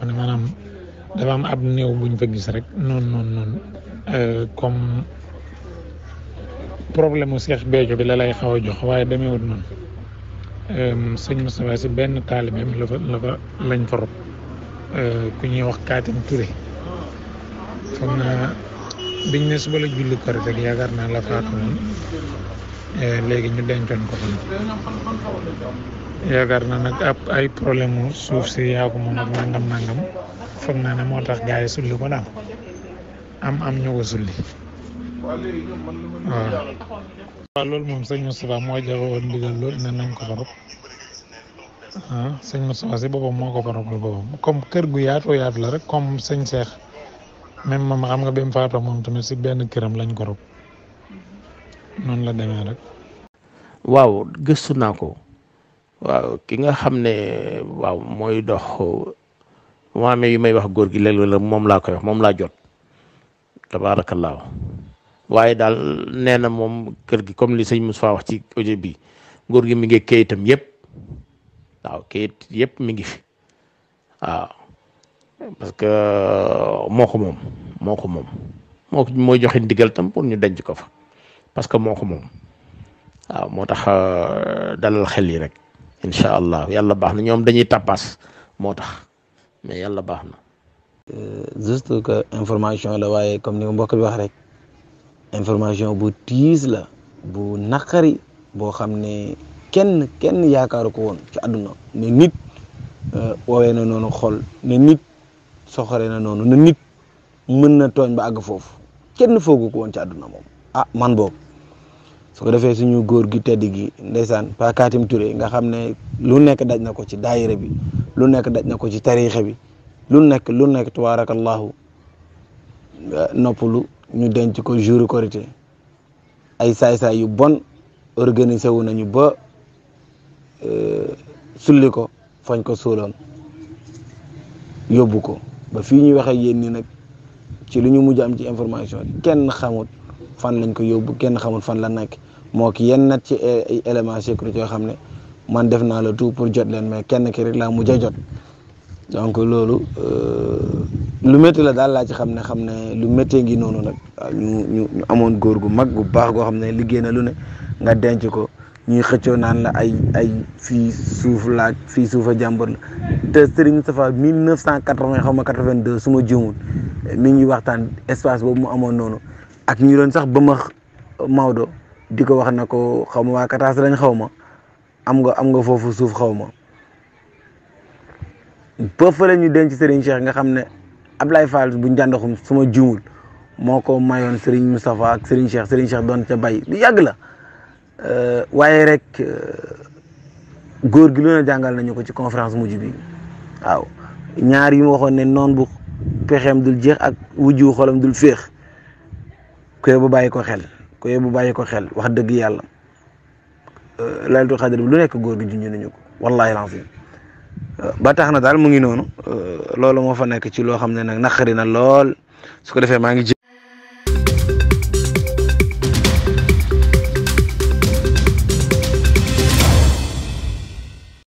man maanaam dafa am ab néew buñ fa gis rek noonu noonu noonu euh, comme problème mu Cheikh Béthio bi la lay xaw a jox waaye demeewut noonu euh, sëñ Moustapha si benn taalibeem la lañ fa rob euh, ku ñuy wax Kaatim Touré foog naa biñ ne suba la julli ko rek yaakaar naa la faatu woon léegi ñu dencoon ko fa yaakaar na nag ay problème mu suuf si yaa ko moom ak nangam nangam foog naa ne moo tax gaa yi sulli ko daal am am ñu sulli waaw. waaw loolu moom sëñ Moustapha moo joxe woon ndigal loolu ne nañ ko barab ah sëñ Moustapha si boppam moo ko barabal boppam comme kër gu yaato yaatu la rek comme sëñ Cheikh même moom xam nga bi mu moom tamit si benn këram lañ ko rob noonu la demee rek. waaw gëstu naa ko. waaw ki nga xam ne waaw mooy dox mu amee may wax góor gi la moom laa koy wax moom laa jot tabaarakallaahu waaye daal nee na moom kër gi comme li sëñ Moussa wax ci audio bi góor gi mi ngi kayitam yëpp waaw kayit yëpp mi ngi fi waaw parce que moo ko moom moo ko moom moo ko mooy tam pour ñu denc ko fa parce que moo ko moom waaw moo tax dalal xel yi rek. incha allah yàlla baax na ñoom dañuy tappaas moo tax mais yàlla baax na. Euh, juste que information la waaye comme ni mbokk bi wax rek information bu tiis la bu naqari boo xam ne kenn kenn yaakaaru ko woon ci àdduna ne nit euh, woowee na noonu xol ne nit soxoree na noonu ne nit mën na tooñ ba àgg foofu kenn foogu ko woon ci àdduna moom ah man boobu. su ko defee suñu góor gi tedd gi ndeysaan Pa Katim Touré nga xam ne lu nekk daj na ko ci daayira bi lu nekk daj na ko ci tariixa bi lu nekk lu nekk tabaarakallaahu noppalu ñu denc ko jour korité ay saay-saay yu bon organisé wu nañu ba euh, sulli ko fañ ko suuloon yóbbu ko ba fii ñuy wax ak yéen ni nag ci lu ñu mujj am ci information kenn xamut fan lañ ko yóbbu kenn xamul fan la nekk moo ki yenn nat ci élément sécurité yoo xam ne man def naa le tout pour jot leen mais kenn ki rek laa mujj a jot donc loolu euh, lu métti la daal laa ci xam ne xam ne lu méttee ngi noonu nag ñu amoon góor gu mag gu baax goo xam ne liggéey na lu ne nga denc ko ñuy xëccoo naan la ay ay fii suuf laa fii suufa jàmbur la te Serigne Moustapha mille neuf cent quatre-vingt ma quatre-vingt-deux su ma mi ngi waxtaan espace boobu mu amoon noonu ak ñu doon sax ba ma Maodo di ko wax na ko xaw ma waa kataas lañ xaw ma am nga am nga foofu suuf xaw ma ba fële ñu denc Serigne Cheikh nga xam ne Ablaye Fall bu njàndoxum su ma juumul moo ko mayoon sëriñ Moustapha ak Serigne Cheikh Serigne Cheikh doon ca bay lu yàgg la euh, waaye rek euh, góor gi lu ne jàngal nañu ko ci conférence mujj bi waaw ñaar yu ma waxoon ne noon bu pexeem dul jeex ak wujju xolam dul féex kuy ba bàyyi ko xel ko yooyu bu bàyyi ko xel wax dëgg yàlla euh, laylatul xadar bi lu nekk góor gi junj nañu ko wallaahi lancim euh, ba tax na daal mu ngi noonu euh, loolu moo fa nekk ci loo xam ne nag naqari na lool su ko defee maa ngi